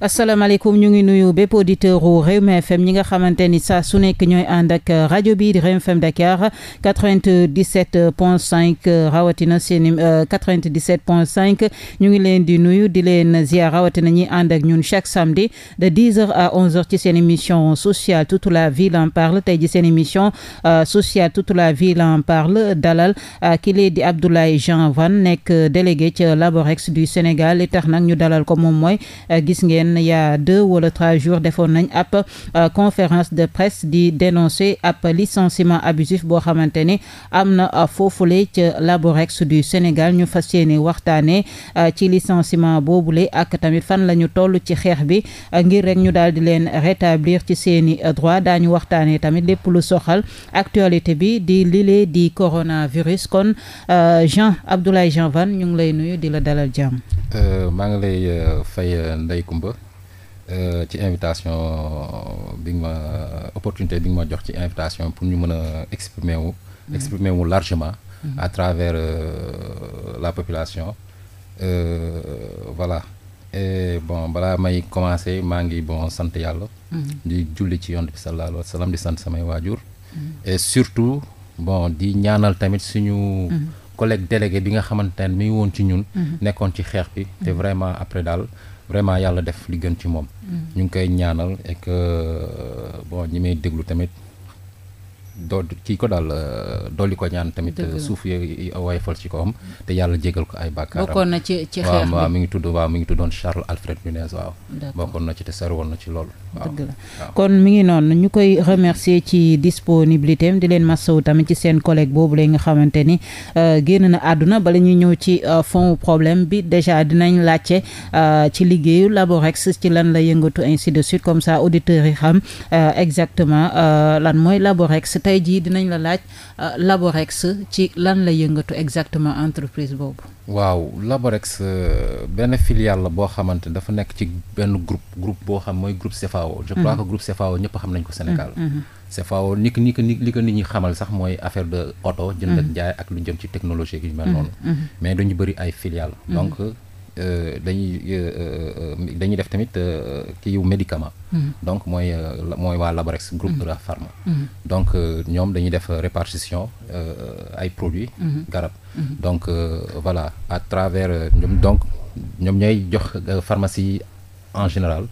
asalaamaaleykum ñu ngi nuyu bépp auditeur u Rewmi FM ñi nga xamante ni saa su nekk ñooy ànd ak rajo bi di Rewmi FM Dakar 97 point 5 rawatina seen 97 euh, point 5 ñu ngi leen di nuyu di leen ziar rawatina ñi ànd ak ñun chaque samedi de heures à 11 heures ci seen émission sociale toute la ville en parle tey ji seen émission euh, sociale toute la ville en parle dalal euh, ki lee di Abdoulaye Jean Wane nekk délégué ca Laborex du Sénégal li tax nag ñu dalal ko moom mooy gis ngeen semaine il y a wala trois jours defoon nañu ab euh, conférence de presse di dénoncer app licenciement abusif boo xamante ne am na euh, foofule ca Laborex du Sénégal ñu fas yéene waxtaanee euh, ci boobu boobule ak tamit fan la ñu toll ci xeex bi ngir rek ñu daal di leen rétablir ci seeni droit daañu waxtaanee tamit lépp lu soxal actualité bi di lile di coronavirus kon Jean Abdoulaye Jean Van ñu ngi lay nuyu di la dalal jàmm. Euh, ci invitation euh, bi nga ma opportunité bi nga ma jox ci invitation pour ñu mën a exprimer wu. Mhm. exprimer wu largement. Mhm. à travers euh, la population. voilà et bon balaa may commencer maa ngi bon sant yàlla. Mhm. di julli ci yonent bi sallallahu alayhi wa di sant samay waajur. et surtout bon di ñaanal tamit suñu. collègue délégué bi nga xamante mi woon ci ñun. nekkoon ci xeex bi te vraiment après daal. vraiment yàlla def li gën ci moom. Mm. ñu ngi koy ñaanal et que bon déglu tamit doo kii ko daal euh, dolli ko ñaan tamit suuf yooyu woyofal ci ko am te yàlla jégal ko ay bàkkaaram kon na ci ci xeex bi mi ngi tudd waaw mi ngi tuddoon Charles Alfred Nunez waaw bokkoon na ci te sori woon na ci loolu kon mi ngi noonu ñu koy remercier ci disponibilité am di leen massawu tamit ci seen collègue boobu lay nga xamante ni euh, génn na àdduna bala ñuy ñëw ci euh, fond problème bi déjà dinañ laajte ci liggéeyu Laborex ci lan la yëngatu ainsi de suite comme ça auditeurs yi xam exactement lan mooy Laborex tey jii dinañ la laaj euh, Laborex ci lan la yëngatu exactement entreprise boobu. waaw Laborex euh, benn filiale la boo xamante dafa nekk ci benn groupe groupe boo xam mooy groupe CFAO. je crois mhm. que groupe CFAO ñëpp xam nañ ko Sénégal. Mhm, mhm. CFAO ni ko ni li ko nit ñi xamal sax mooy affaire de oto. jënd ak jaay ak lu jëm ci technologie gi mel noonu. mais dañu bëri ay filiale Euh, dañuy euh, euh, dañuy def tamit kii yu médicament hmm. donc mooy mooy waa Laborex groupe hmm. de pharma hmm. donc ñoom dañuy def répartition ay produits garab donc voilà à travers donc ñoom ñooy jox pharmacie en général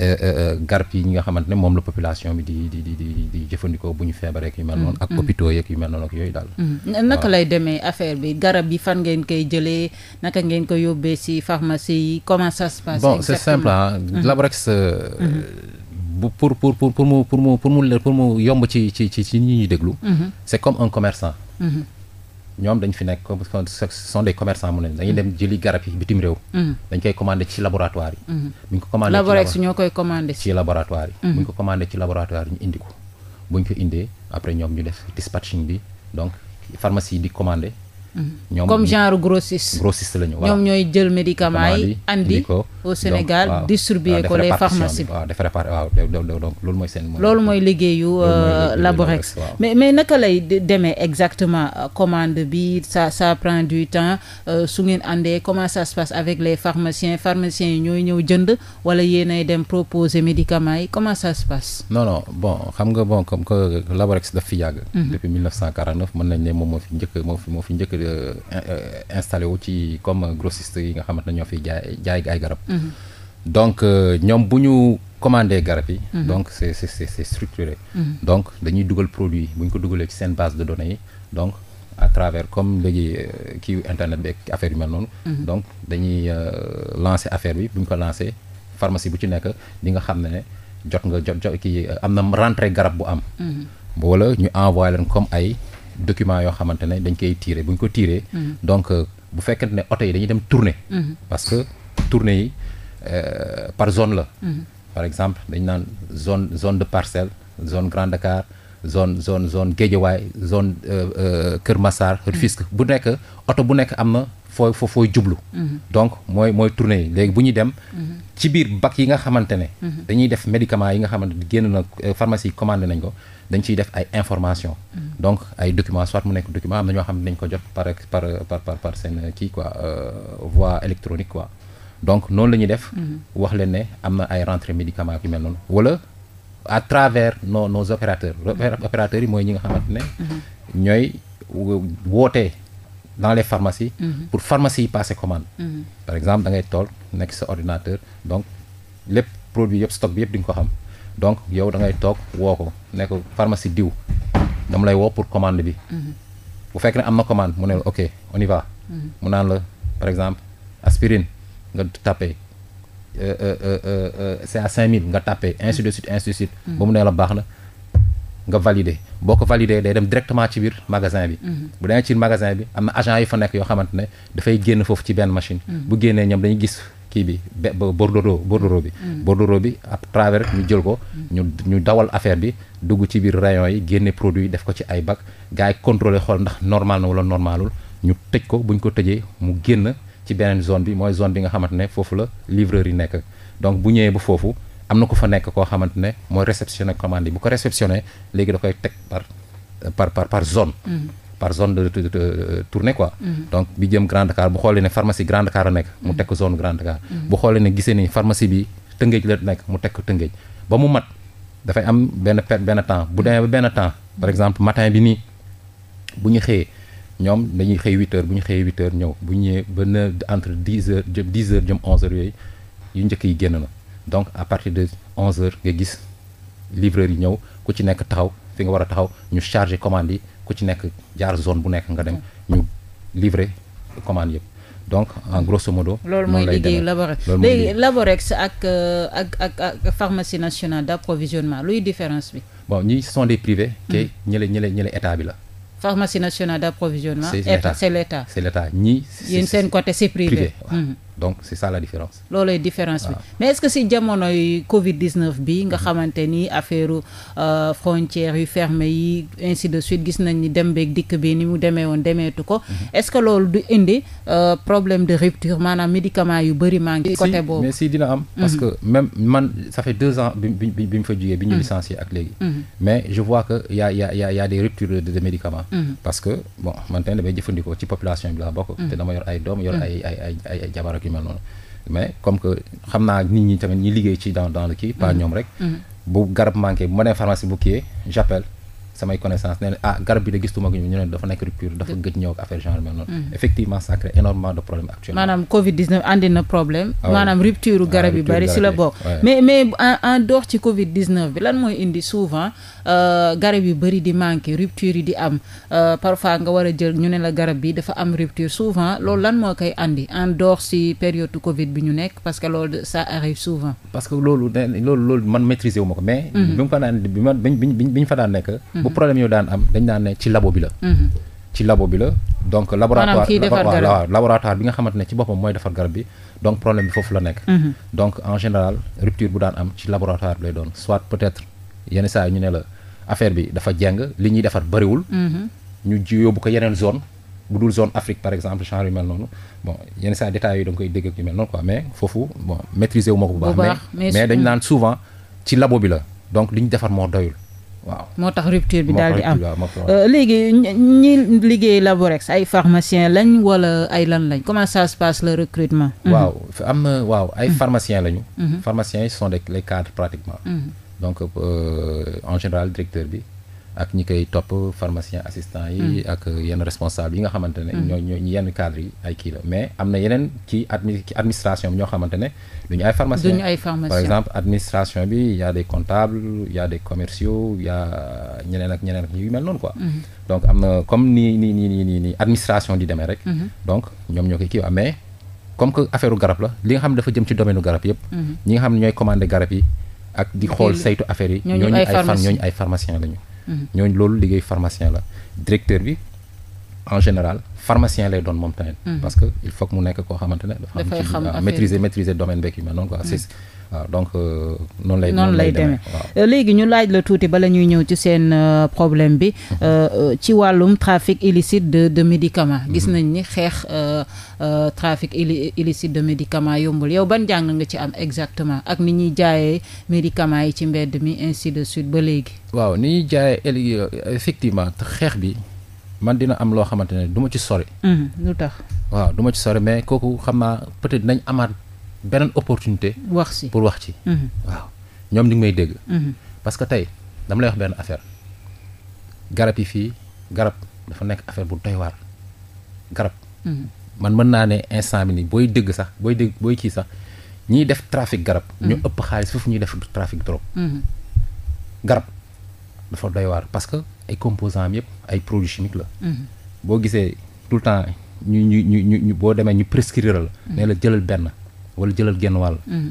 Euh, euh, euh, garab yi nga xamante ne moom la population bi di di di di di jëfandikoo bu ñu feebaree ak yu mel mm. noonu. ak mm. hôpitaux yeeg yu mel noonu ak yooyu daal. Mm. naka lay demee affaire bi garab yi fan ngeen koy jëlee naka ngeen ko yóbbee si pharmacie yi comment ça se passe. bon c'est simple ah. Mm-hmm. Labrex. Mm-hmm. bu pour pour pour pour mu pour mu pour mu mu yomb ci ci ci ci ñi ñuy déglu. Mm-hmm. c'est comme un commerçant. ñoom dañ fi nekk comme ce sont des commerçants mu ne dañuy dem jëli garab yi bitim réew. Mm-hmm. dañ koy commandé ci laboratoire yi. Mm-hmm. bu ñu ko commandé ci laborex ñoo koy commandé. ci laboratoire yi. bu ñu ko commandé ci laboratoire yi ñu indi ko bu ñu ko indee après ñoom ñu def dispatching bi donc pharmacie yi di ñoom comme genre grossiste. grossiste la ñu voilà ñoom ñooy jël médicament yi. andi ko au Sénégal donc, distribuer ko les pharmacies waaw def répartition waaw donc loolu mooy seen. mooy liggéeyu euh, Laborex mais mais naka lay demee exactement euh, commande bi sa sa prend du temps euh, su ngeen àndee comment ça se passe avec les pharmaciens pharmaciens yi ñooy ñëw jënd wala yéenay dem proposer médicament yi comment ça se passe. non non bon xam nga bon comme que Laborex daf fi yàgg. Mhm. Euh, euh, installé wu ci comme grossiste yi nga xamante ne ñoo fiy jaay jaay ay garab. Mhm. donc euh, ñoom bu ñu commandé garab yi. Mhm. donc c' est c' est c' est structuré. Mhm. donc dañuy dugal produit bu ñu ko dugalee ci seen base de données yi donc à travers comme léegi kii internet beeg affaire yu mel noonu. donc dañuy lancer affaire bi bu ñu ko lancer pharmacie bu ci nekk di nga xam ne jot nga jot jot kii am na rentrée garab bu am. wala ñu envoyé leen comme ay. document yoo xamante ne dañ koy tirer bu ñu ko tirer. Mm-hmm. donc euh, bu fekkente ne oto yi dañuy dem tourner. Mm-hmm. parce que tourner yi euh, par zone la. Mm-hmm. par exemple dañ naan zone zone de parcelle zone Grand Dakar zone zone zone zone euh, Kër Massar. Rufisque bu nekk oto bu nekk am na. foo foo fooy jublu donc mooy mooy tournée yi léegi bu ñuy dem ci biir bac yi nga xamante ne dañuy def médicament yi nga xamante génn na pharmacie commandé nañ ko dañ ciy def ay information mm. donc ay document soit mu nekk document am na ñoo xam ne dañ ko jot par par par par seen kii quoi euh, voie électronique quoi donc noonu la ñuy def mm-hmm. wax leen ne am na ay rentrée médicament yu mel noonu wala à travers nos nos opérateurs mm-hmm. opérateurs yi mooy ñi nga xamante ne mm-hmm. ñooy wootee dans les pharmacies pour pharmacie yi commande par exemple da ngay tool nekk sa ordinateur donc lépp produit yëpp stock bi yëpp di ko xam donc yow da ngay toog woo ko nekk pharmacie diw dama lay woo pour commander bi. Mhm. bu fekk ne am na commande mu ne ok on y va. Mhm. mu naan la par exemple aspirine nga tapé euh, euh, euh, c'est à 5000 nga tapé ainsi de suite ainsi de mhm. ba mu ne la baax na nga validé boo ko validé day dem directement ci biir magasin bi. bu demee ci magasin bi am na agent yi fa nekk yoo xamante ne dafay génn foofu ci benn machine. bu génnee ñoom dañu gis. kii bi bordereau bordereau bi. Mm. bordereau bi à travers ñu jël ko. Mm. ñu ñu dawal affaire bi dugg ci biir rayon yi génne produit def ko ci ay bac gars yi contrôlé xool ndax normal na wala normalul ñu tëj ko bu ñu ko tëjee mu génn ci beneen zone bi mooy zone bi nga xamante ne foofu la livreur yi nekk donc bu ñëwee ba foofu. am na ku fa nekk koo xamante ne mooy réceptionné commande yi bu ko réceptionné léegi da koy teg par par par par zone. Mm. par zone de euh, tournée quoi. Mhm. donc bi jëm Grand Dakar bu xoolee ne pharmacie Grand Dakar la nekk. mu tekk zone Grand Dakar. Mhm. bu xoolee ne gisee ni pharmacie bi tëngéej la nekk mu tekk tëngéej ba mu mat dafay am benn per benn temps bu demee ba benn temps par exemple matin bi nii bu ñu xëyee. ñoom dañuy xëy 8 heures bu ñu xëyee 8 heures ñëw bu ñu ñëwee ba na entre 10 heures jëm 10 heures jëm 11 heures yooyu yu njëkk yi génn na donc à partir de 11 heures nga gis livreurs yi ñëw ku ci nekk taxaw fi nga war a taxaw ñu chargé commande yi ku ci nekk jaar zone bu nekk nga dem ñu livrer commande yëpp donc en grosso modo. loolu mooy liggéeyu Laborex léegi Laborex ak euh, ak ak ak pharmacie nationale d'approvisionnement luy différence bi. bon ñi sont des privés. te hmm. ñële ñële ñële état bi la. pharmacie nationale d'approvisionnement. c'est l'état c'est l'état ñii. seen côté c'est privé. Hmm. donc c' est ça la différence. loolooy différence bi mais est ce que si jamonoy Covid 19 bi nga hmm. xamante ni affaire euh, frontières yu fermé yi ainsi de suite gis nañ ni dem beeg dikk bi ni mu demee woon demeetu ko. Hmm. est ce que loolu du indi euh, problème de rupture maanaam médicaments yu bëri maa ngi. côté boobu mais si dina am. Hmm. parce que man a a a a des ruptures tamit damay jëfandikoo ci population bi laa bokk. te dama yor ay doom yor ay ay ay yu mel noonu mais comme que xam naa nit ñi tamit ñi liggéey ci dans dans le kii pas mm. rek mm. bu garab manqué bu ma nee pharmacie bu j'appelle samay connaissance nee ah garab bi de gistuma ko ñu ne dafa nekk rupture dafa gëj ñëw affaire genre mel noonu mm. effectivement ça crée de problèmes actuellement maanaam covid 19 andi na problème ah maanaam rupture ah, garab yu bari si la bokk mais mais en dehors ci covid bi lan mooy indi souvent Euh, garab yu bëri di manqué rupture yi di am euh, parfois nga war a jël ñu ne la garab bi dafa am rupture souvent loolu lan moo koy andi en si période Covid bi ñu nekk parce que loolu ça arrive souvent. loolu man maîtriser ma ko mais. Mhm. bi ma fa daan nekk. bu mhm. problème yoo daan am dañ daan ne ci labo bi la. Mhm. ci labo bi la donc laboratoire bi nga xamante ne ci boppam mooy defar garab bi donc problème bi foofu la nekk donc en général rupture bu daan am ci laboratoire bi lay yenn saa yi ñu ne la affaire bi dafa jeng li ñuy defar bëriwul. Mhm. ñu ji yóbbu ko yeneen zone bu dul zone Afrique par exemple genre yu mel noonu bon yenn saa détails yi koy dégg ak yu mel noonu quoi mais foofu bon maîtriser ma ko bu baax. mais mais dañu naan souvent ci labo bi la donc ñu defar moo doyul. waaw moo tax bi daal di am euh, léegi ñi liggéey Laborex ay pharmaciens lañ wala ay lan lañ comment ça se passe le recrutement. waaw am na waaw ay mhm. pharmaciens lañu. Mhm. pharmaciens yi des cadres pratiquement. donc euh, en général directeur bi ak ñi koy topp pharmacien assistant yi. Mm. ak yenn responsable yi nga xamante ne. Mm. ñoo ñu yenn cadre yi ay kii la mais am na yeneen ci admi ci administration bi ñoo xamante ne du ñu ay pharmacien ay pharmacien par exemple administration bi y a des comptables y a des commerciaux y ñeneen ak ñeneen ak yu mel noonu ko mm-hmm. donc am na comme ni ni ni ni ni administration di demee rek. Mm-hmm. donc ñoom ñoo koy kii mais comme que affaire garab la li nga xam ne dafa jëm ci domaine garab yëpp. Mm-hmm. xam ne ñooy commandé garab yi. ak di xool saytu affaire yi. ñooñu ay pharmaciens ñooñu ay pharmacien lañu. Mhm. ñooñu loolu liggéey pharmacien la directeur bi en général pharmacien lay doon moom tamit. Mhm. parce que il faut que mu nekk koo xamante ne. xam euh, affaire domaine beeg yu mhm. euh, noonu lay. noonu lay demee léegi ñu laaj la tuuti bala ñuy ñëw ci seen euh, problème bi mhm. ci wàllum trafic illicite de de médicaments. gis nañ ni xeex trafic illicite de médicaments yombul yow ban jàng nga ci am exactement ak ni ñuy jaaye médicaments yi ci mbedd mi ainsi de suite ba léegi. waaw ni ñuy jaayee effectivement xeex bi. man dina am loo xamante ne duma ci sori. Mm-hmm. lu waaw du ci sori mais kooku xam naa peut-être nañ amaat benn opportunité. wax si pour wax ci. Mm-hmm. waaw ñoom ñu ngi may dégg. Mm-hmm. parce que tey dama lay wax benn affaire garab yi fii garab dafa nekk affaire bu doy waar garab. man mën naa ne instant bi nii booy dégg sax booy dégg booy kii sax ñiy def trafic garab. ñu ëpp xaalis foofu ñuy def trafic drogue. garab dafa doy waar parce ay composants am yëpp ay produits chimiques la. Mhm. boo gisee tout le temps ñu ñu ñu ñu boo demee ñu prescrire la. Mhm. ne la jëlal benn wala jëlal genn wàll. Mhm.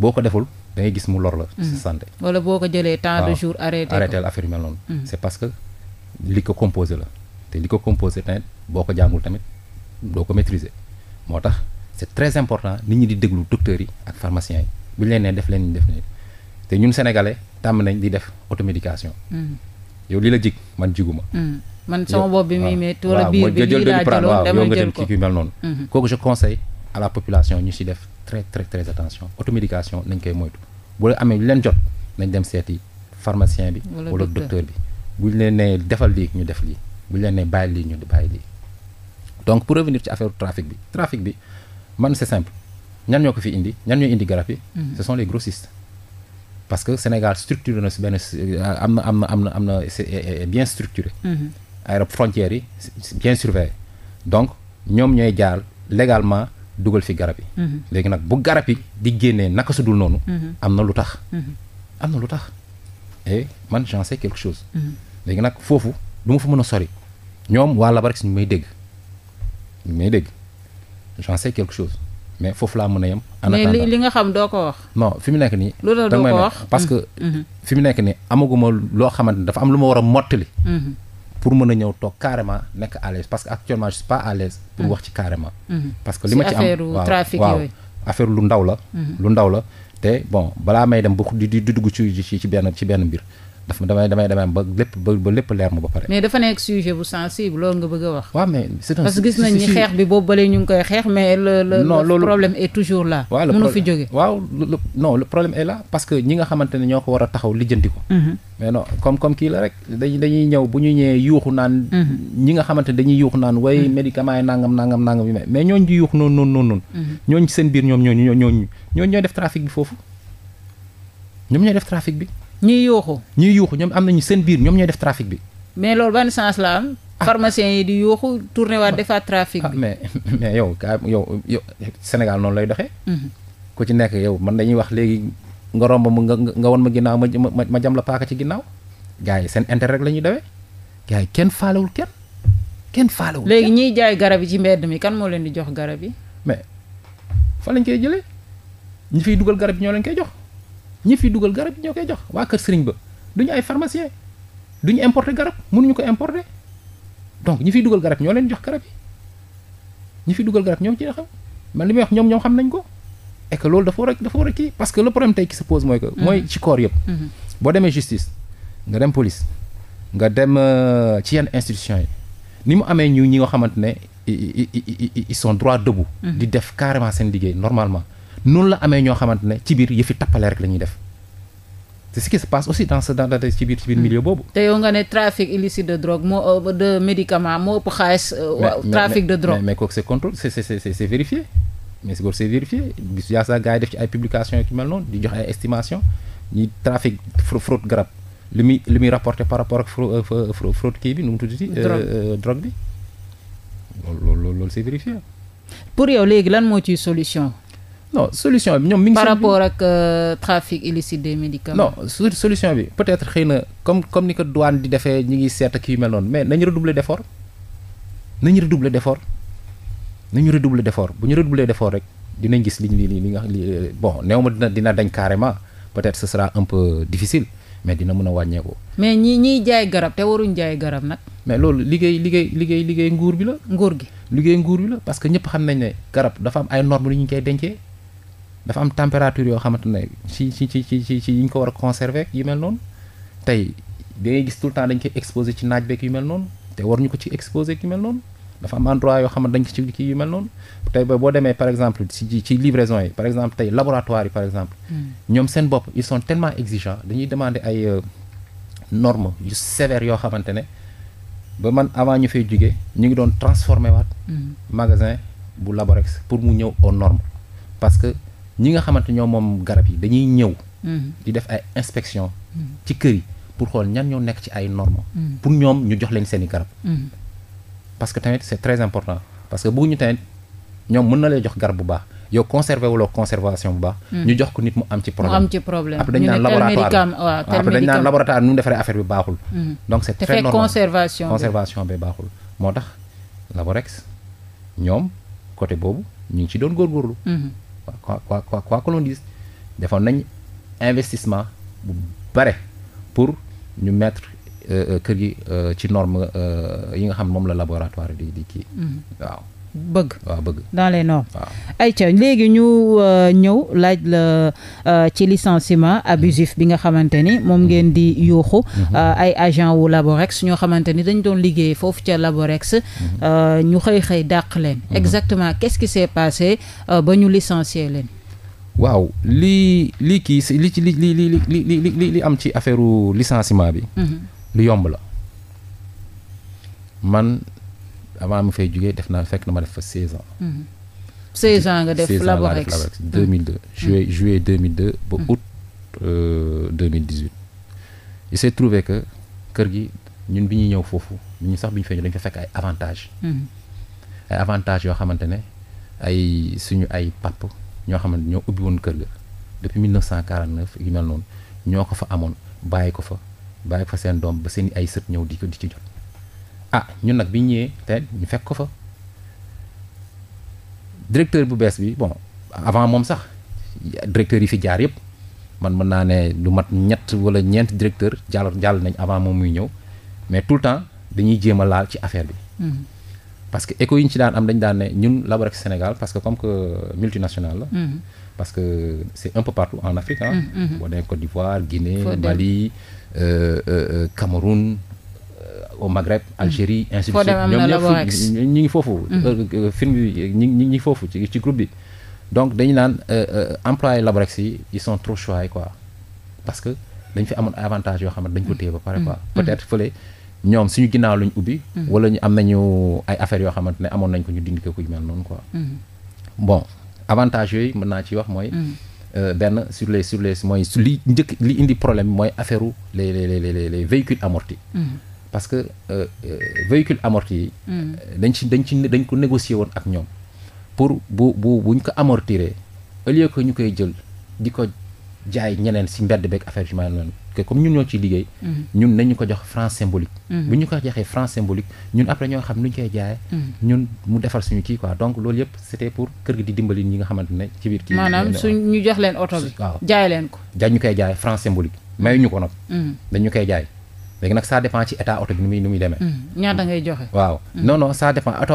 boo ko deful da gis mu lor la. sa santé wala boo ko jëlee temps de jours arrêté arrêté la affaire yu mel noonu. c'est parce que li ko composé la te li ko composé tamit boo ko jàngul tamit doo ko maîtriser moo tax c'est très important nit ñi di déglu docteurs yi ak pharmaciens yi bu ñu leen nee def leen ñu def leen te ñun sénégalais tàmm nañ di def automédication. yow lii la jig man jiguma hmm. man sama bopp bi muy métti wala biir bi lii laa jël ko yow nga dem ci mel noonu hmm. kooku je conseille à la population ñu si def très très très attention automédication nañ koy moytu bu la amee leen jot nañ dem seeti pharmacien bi wala docteur bi bu leen nee defal lii ñu def lii bu ñu leen nee bàyyi lii ñu bàyyi lii donc pour revenir ci affaire trafic bi trafic bi man c'est simple ñan ñoo ko fi indi ñan ñoo indi garab yi hmm. parce que Sénégal structuré na si benn am na am na am na am na c'est bien structuré. Mhm. aéroport frontières yi bien surveillé donc ñoom ñooy jaar légalement dugal fi garab yi. Mhm. léegi nag bu garab yi di génnee naka su dul noonu. Mhm. am na lu tax. am na lu tax et man j'en quelque chose. léegi nag foofu du fu mën a sori ñoom waa Labarex ñu may dégg ñu may dégg j'en quelque chose. mais foofu laa mën a yem. en attendant mais xam doo fi mu nekk nii. lu doo ko wax parce que. Mm-hmm. Mm-hmm. fi mu nekk nii amaguma loo xamante ni dafa am lu ma war a mottali. Mm-hmm. pour mën a ñëw toog carrément nekk à parce que actuellement je suis pas à pour wax ci carrément. parce que li ma ci am affaire trafic affaire lu ndaw la. lu ndaw la te bon balaa may dem ba di di dugg ci ci benn ci benn mbir. dafa damay damay damay ba lépp ba lépp leer ma ba pare. mais dafa nekk sujet bu sensible loolu nga bëgg a wax. waaw mais parce que gis nañ xeex bi boobu bale ñu ngi koy xeex mais. le problème est toujours parce que ñi nga xamante ñoo ko war a taxaw lijjanti ko. Mhm. mais non comme comme kii la rek dañuy dañuy ñëw bu ñu ñëwee yuuxu naan. Mhm. ñi nga xamante dañuy yuuxu naan way mhm. médicament yi nangam nangam nangam yi mais ñooñu di yuuxu noonu noonu noonu. seen biir ñoom bi ñiy yuuxu. ñiy yuuxu ñoom am nañu seen biir ñoom ñooy def trafic bi. mais loolu ban sens la am. Ah. pharmaciens yi di yuuxu tourné waat ah. defaat trafic ah, bi. mais mais yow ka yow yow Sénégal noonu lay doxe mhm. ku ci nekk yow man dañuy wax léegi nga romb mu nga nga won ma ginnaaw ma ma ma jam la paaka ci ginnaaw. gars seen intérêt rek la ñuy dawee gars yi kenn faalewul kenn kenn faalewul. léegi ñiy jaay garab yi ci mbedd mi kan moo leen di jox garab yi. mais fa lañ koy jëlee ñu fiy dugal garab ñoo leen koy jox. ñi fi dugal garab yi ñoo koy jox waa Kër Sëriñ Ba duñu ay pharmacien duñu importer garab mënuñu ko importer donc ñi fi dugal garab ñoo leen jox garab yi ñi fi dugal garab ñoom ci xam man li may wax ñoom ñoo xam nañ ko et que loolu dafa kii parce que le problème tey qui se pose mooy que. Mm-hmm. mooy ci corps yëpp. Mm-hmm. boo demee justice nga dem police nga dem euh, ci yenn institution yi ni mu amee ñu ñi nga xamante ne ils sont droit debout. Mm-hmm. di def carrément seen liggéey normalement. noonu la amee ñoo xamante ne ci biir yëfi tappale rek la ñuy def c'est ce qui se passe aussi dans ce dans ci ci biir hmm. milieu boobu. te yow nga ne trafic illicite de drogue moo euh, de médicament moo ëpp xaalis. Euh, trafic de drogue mais mais kooku c'est contrôle c'est c'est c'est vérifié. mais si c'est vérifié bis yaa sa gars yi def ci ay publication ki mel noonu di jox ay estimation ñi trafic fraude garab li muy li muy rapporté par rapport ak euh, fraude kii bi nu mu tuddati. drogue bi loolu loolu loolu c'est vérifié. pour yow léegi lan moo ciy solution. non solution bi ñoom mi ngi. par rapport ak euh, trafic illicite des médicaments. solution bi peut-être xëy na comme comme ni ko douane di defee ñu ngi seet ak yu mel noonu mais nañu redoubler d'effort nañu redoubler d'effort nañu redoubler defoor bu ñu redoubler d'effort rek dinañ gis li li li nga li euh, bon new ma dina dina dañ carrément peut-être ce sera un peu difficile. mais dina mun a wàññeeku. mais ñi ñiy jaay garab te waruñ jaay garab nag. mais loolu liggéey liggéey liggéey liggéey nguur bi la. nguur gi liggéey nguur bi la parce que ñëpp xam nañ ne garab dafa ay normes yu ñu koy dencee. dafa am température yoo xamante ne ci ci ci ci ñu ko war a conserver yu mel noonu tey da ngay gis tout temps dañ koy exposé ci naaj beeg yu mel noonu te waruñu ko ci exposé ak yu mel noonu dafa am endroit yoo xam ne dañ ko tey boo demee par exemple ci ci livraison yi par exemple tey laboratoire yi par exemple. Hmm. ñoom seen bopp ils sont tellement exigeants dañuy demander ay euh, normes yu sévères yoo xamante ne ba man avant ñu fay jugee ñu ngi doon transformé waat. Hmm. magasin bu Laborex pour mu ñëw aux normes ñi nga xamante ñoo moom garab yi dañuy ñëw. Mm-hmm. di def ay inspection ci kër yi pour xool ñan ñoo nekk ci ay normes. Mm-hmm. pour ñoom ñu jox leen seen i garab. Mm-hmm. parce que tamit c'est très important parce que ñu tamit ñoom mën na lay jox garab bu baax yow conservé wuloo conservation bu baax. ñu jox ko nit mu am ci problème mu am ci problème après dañu naan laboratoire après dañu naan laboratoire nu mu defaree affaire bi baaxul. donc c'est très normal conservation bi baaxul moo tax Laborex ñoom côté boobu ñu ngi ci doon quoi quoi quoi quoi que l'on dise defoon nañ investissement bu bare pour ñu mettre euh, euh, kër gi euh, ci norme yi nga xam moom la laboratoire di di kii mm-hmm. waaw bëgg. waaw bëgg dans les normes. waaw ayca léegi ñu euh, ñëw laaj la euh, ci licenciement abusif bi nga xamante ni moom mm-hmm. ngeen di yuuxu. Mm-hmm. Euh, ay agent wu Laborex ñoo xamante ni dañ doon liggéey foofu ca Laborex. Mm-hmm. ñu xëy xëy dàq leen. exactement qu'est-ce qui s'est ba ñu licencier leen. waaw li lii kii li li li li li li am ci affaire licenciement bi. lu yomb la avant ma fay jugee def naa fekk na ma def fa 16 ans. 16 mhm. ans nga def Laborex 2002 mhm. juillet juillet 2002 ba mhm. août 2018. Euh, il s'est trouvé que kër gi ñun bi ñuy ñëw foofu ñun sax bi ñu fay ñëw dañu fekk ay avantages. ay avantages yoo xamante ne ay suñu ay papp ñoo xamante ñoo ubbi woon kër ga depuis 1949 yu mel noonu ñoo ko fa amoon bàyyi ko fa bàyyi ko fa seen doom ba seen ay sët ñëw di ko di ci jot. ah ñun nag bi ñëwee te ñu fekk ko fa directeur bu bees bi bon avant moom sax directeur yi fi jaar yëpp man mën naa ne lu mat ñett wala ñeent directeur jàll jàll nañ avant moom muy ñëw mais tout le temps dañuy jéem a laal ci affaire bi. Mm-hmm. parce que éco yi ñu ci daan am dañ daan ne ñun Laborex Sénégal parce que comme que multinationale la. Mm-hmm. parce que c'est un peu partout en Afrique ah. boo nee Côte d'Ivoire Guinée Mali euh, euh, euh o euh, Maghreb mm. Algérie ainsi de suite ñoom ñëpp mm. euh, euh, ñi ngi foofu firme yi ñi foofu ci ci groupe bi donc dañu naan employé Laborex yi ils sont trop choyés quoi parce que dañ fi amoon avantage yoo xam ne dañ ko mm. téye ba pare quoi peut-être fële ñoom suñu ginnaaw lañ ubbi wala ñu am nañu ay affaire yoo xamante ne amoon nañ ko ñu dindi ko ku mel noonu quoi bon avantage yooyu mën naa ci wax mooy benn sur les sur les mooy li njëkk li indi problème mooy affaire les les les parce que euh, euh, véhicule amorti yi. Hmm. dañ ci dañ ci dañ ko négocier woon ak ñoom pour bu bu buñ ko amortiré au que ñu koy jël di ko jaay ñeneen si mbedd beeg affaire yu mel comme ñun ñoo ciy liggéey. Hmm. ñun nañu ko jox franc symbolique. Hmm. bu ñu ko joxee franc symbolique ñun après ñoo xam nu ñu koy jaayee. ñun mu defar suñu kii quoi donc loolu yëpp c'était pour kër gi di dimbali ñi nga xamante ne ci biir. kii maanaam suñ ñu jox leen oto bi. waaw jaay leen ko. jaay ñu koy jaay franc symbolique mayuñu ko nag. dañu koy jaay. léegi nag ça dépend ci état oto bi nu muy demee. Hmm. ñaata ngay joxe. waaw hmm. non non ça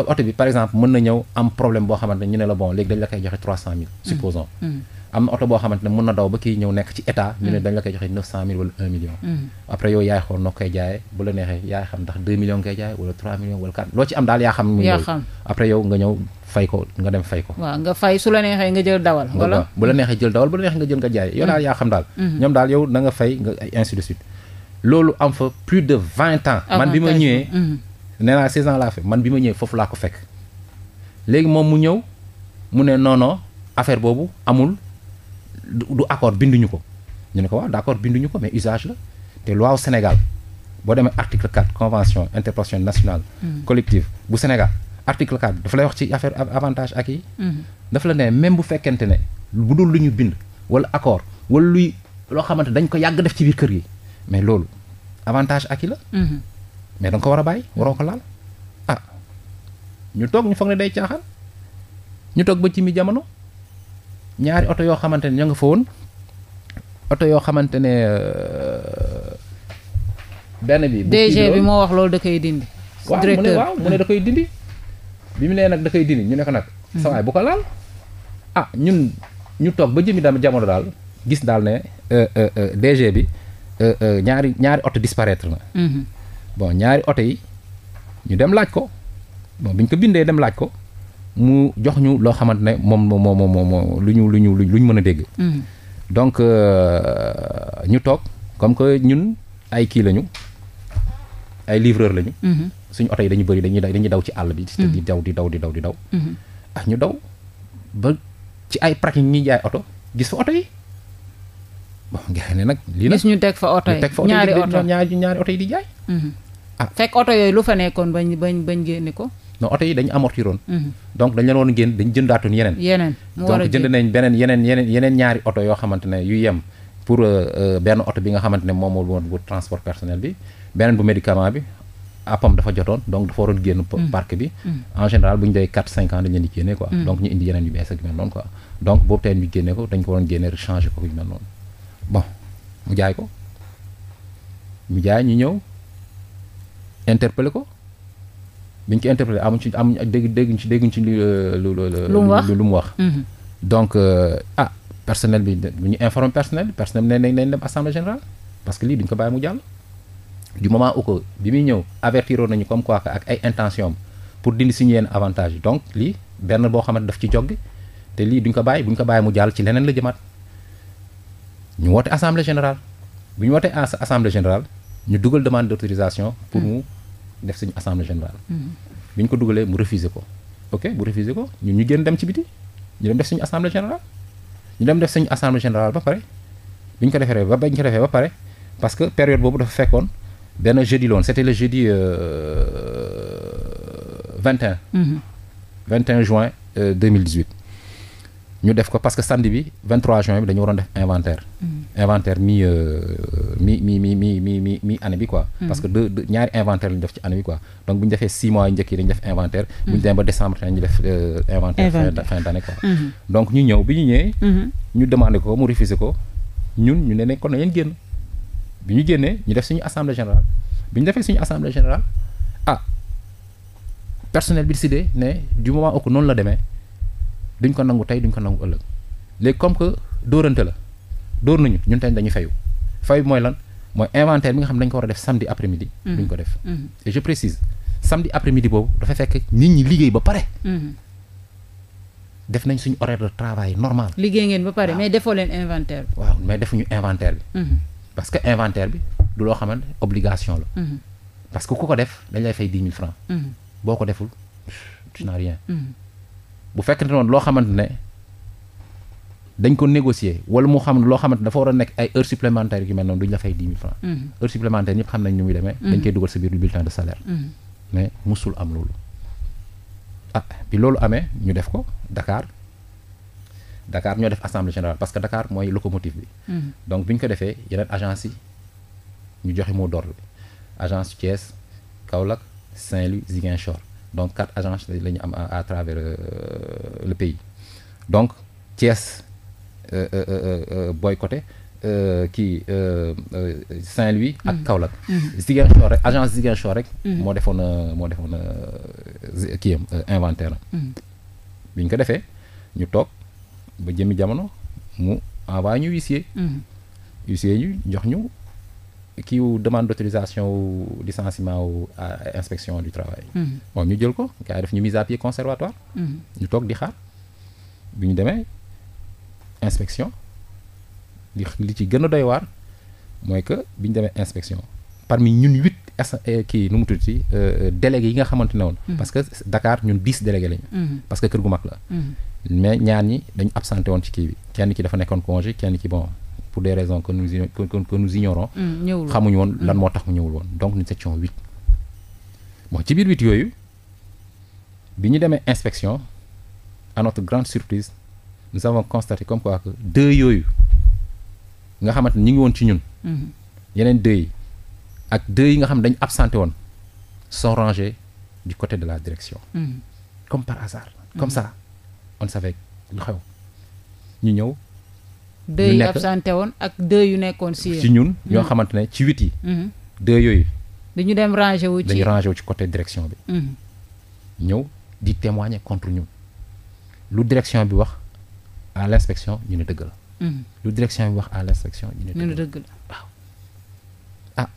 oto bi par exemple mën na ñëw am problème boo xamante ne ñu ne la bon léegi dañ la koy joxe trois cent mille. Hmm. supposons am na oto boo xamante ne mën na daw ba kii ñëw nekk ci état. dañ la koy joxe neuf cent mille wala un million. après yow yaay xool noo koy jaayee bu la neexee yaay xam ndax deux millions ngay jaay wala trois millions wala quatre loo ci am daal yaa loolu am fa plus de vingt ans. man bi ma ñëwee. Mhm. nee naa seize ans laa fekk man bi ma ñëwee foofu laa ko fekk. léegi moom mu ñëw mu ne non non boobu amul du accord binduñu ko ñu ne ko waaw d' accord binduñu ko mais usage la te loi Sénégal boo demee article quatre convention interprofessionnelle national mhm. collective bu Sénégal. article 4 dafa lay wax ci affaire avantage ak yi mhm. dafa la ne même bu fekkente ne bu dul lu ñu bind wala accord wala luy loo xamante dañ ko yàgg def ci biir kër gi mais loolu avantage acquis la. Mhm. mais da ko war a bàyyi waroo ko laal ah toog ñu foog ne ñu toog ba ci jamono ñaari oto yoo xamante ne ña nga fa oto yoo xamante ne euh, benn bi. DG moo wax loolu da koy dindi. directeur waaw da koy dindi bi mu nee nag da koy dindi ñu ne nag. Mhm. bu ko laal ah ñun ñu toog ba jëmi dama jamono daal gis daal ne euh, euh, DG bi. Euh, euh, ñaari ñaari oto disparaître na. Mhm. bon ñaari oto yi ñu dem laaj ko bon bi ñu ko bindee dem laaj ko mu jox ñu loo xamante ne moom moo moo moo lu ñu lu ñu lu mën a dégg. Mhm. donc euh, ñu toog comme que ñun ay kii lañu ay livreur lañu. Mhm. suñu oto yi dañu bëri dañuy dañu daw ci àll bi. di daw di daw di daw di daw. ah ñu daw ba ci ay pratique ñuy jaay oto gis fa oto yi. bon gars yi ne nag. lii nag gis ñu teg fa oto yi ñaari oto ñaari ñaari oto yi di jaay. Mhm. ah fekk oto yooyu lu fa nekkoon bañ bañ bañ génne ko. non oto yi dañu amortiroon. Mhm. donc dañ leen woon génn dañ jëndaatoon yeneen. yeneen mu war a donc jënd nañ beneen yeneen yeneen yeneen ñaari oto yoo xamante ne yu yem. pour euh, euh, benn oto bi nga xamante ne moom moo woon bu transport personnel bi beneen bu médicament bi appam dafa jotoon donc dafa waroon génn. Mhm. parc bi. en général bu ñu doon 4 5 ans dañu leen di génne quoi. donc ñu indi yeneen yu bees ak yu mel noonu quoi. donc boobu tey ñu génne ko dañ ko waroon génne changer ko yu mel noonu. bon mu jaay ko mu jaay ñu ñëw interpellé ko biñ ko interpellé amuñ ci amuñ dégg dégguñ ci dégguñ ci euh, lu lu lu mu wax mhm. donc euh, ah personnel bi ñu informe personnel bi personnel bi nee nañ dem assemblée générale parce que lii duñ ko bàyyi mu jàll du moment où bi muy ñëw avertiroon nañu comme quoi que ak ay intention pour dindi suñu yenn avantage donc lii benn boo xamante daf ci joggi te lii duñ ko bàyyi buñ ko bàyyi mu jàll ci leneen la jëmaat ñu woote assemblée général bu ñu wootee assemblée générale ñu dugal demande d' pour mu def suñu assemblée générale. Mm-hmm. bu ñu ko dugalee mu refuser ko. ok bu refuser ko ñun ñu génn dem ci biti ñu dem def suñu assemblée générale ñu dem def suñu assemblée générale ba pare bu ñu ko defee ba ñu ko defee ba pare parce que période boobu dafa fekkoon benn jeudi loon c' était le jeudi euh, vingt et un. Mm-hmm. vingt un juin euh, mille dix ñu def ko parce que samedi bi 23 juin bi dañu waroon def inventaire. Mm. inventaire mi euh, mi mi mi mi mi mi mi année bi quoi. Mm. parce que deux deux ñaari inventaire la ñu def ci année bi quoi donc bu ñu defee 6 mm. euh, mm-hmm. ñu ñëw bi ñu ñëwee. Mm-hmm. ñu demandé ko mu refusé ko ñun ñu ne ne kon nañu génn bi ñu génnee ñu def suñu assemblée générale bi ñu defee suñu assemblée générale ah personnel bi décidé ne du moment où noonu la demee. duñ ko nangu tey duñ ko nangu ëllëg léegi comme que dóorante la dóor nañu ñun tamit dañuy fayu fay mooy lan mooy inventaire bi nga xam ne dañ ko war a def samedi après midi. Mm-hmm. duñ ko def. Mm-hmm. et je précise samedi après midi boobu dafa fekk nit ñi liggéey ba pare. Mm-hmm. def nañ suñu horaire de travail normal. liggéey ngeen ba pare mais defoo leen inventaire bi. waaw mais defuñu inventaire bi. parce que inventaire bi du loo xamante obligation la. parce que ku ko def dañ lay fay dix bu fekkente ne woon loo xamante ne dañ ko négocier wala mu xam loo xamante dafa war a nekk ay heures supplémentaires yu mel noonu duñ la fay dix mille francs mhm. heures supplémentaires ñëpp xam nañ ñu muy demee. Mhm. dañ koy dugal sa biir bulletin de salaire. Mhm. mais musul am loolu. ah bi loolu amee ñu def ko dakaar dakaar ñoo def assemblée générale parce que dakaar mooy locomotive bi. donc bi ñu ko defee yeneen agence yi ñu joxe moo door bi agence Thiès Kaolack Saint-Louis donc quatre agences lañu ñu am à travers euh, le pays donc Thiès euh, euh, boycotté kii Saint-Louis ak mhm. Kaolack. Mhm. Ziguinchor rek agence mhm. moo defoon moo defoon kii am inventaire bi ñu ko defee ñu toog ba jëmi jamono mu envoyé ñu huissier. huissier ñu jox ñu. kii wu demande d'autorisation wu licenciement wu euh, inspection du travail. Mhm. bon ñu jël ko gars yi def ñu mise à conservatoire. Mhm. ñu toog di xaar bu ñu demee inspection li li ci gën doy waar mooy que bi ñu demee inspection parmi ñun huit euh, kii nu mu tudd ci euh, délégué yi nga xamante ne woon. Mhm. parce que Dakar ñun dix délégué lañu. parce que kër gu mag la. mais ñaar ñi dañu absenté woon ci kii bi kenn ki dafa nekkoon congé kenn ci bon. pour des raisons que nous ignorons. Mm, xamuñu woon lan mm. moo tax mu ñëwul woon donc nous étions huit. bon ci biir huit yooyu bi ñu demee inspection à notre grande surprise nous avons constaté comme quoi que deux yooyu nga xamante ni ñu ngi woon ci ñun. Mm-hmm. yeneen deux yi ak deux yi nga xam dañ absenté woon sont rangés du côté de la direction. Mm -hmm. comme par hasard. comme mm-hmm. ça on savait lu xew ñu ñëw. deux yu woon ak deux yu nekkoon si ci ñun ñoo hmm. xamante ne ci huit yi hmm. deux yooyu dañu dem rangé wu ci dañu ci côté direction bi hmm. ñëw di témoigner contre ñun lu direction bi wax à l' ñu ne dëgg la lu direction bi wax à l' ñu ne dëgg la waaw ah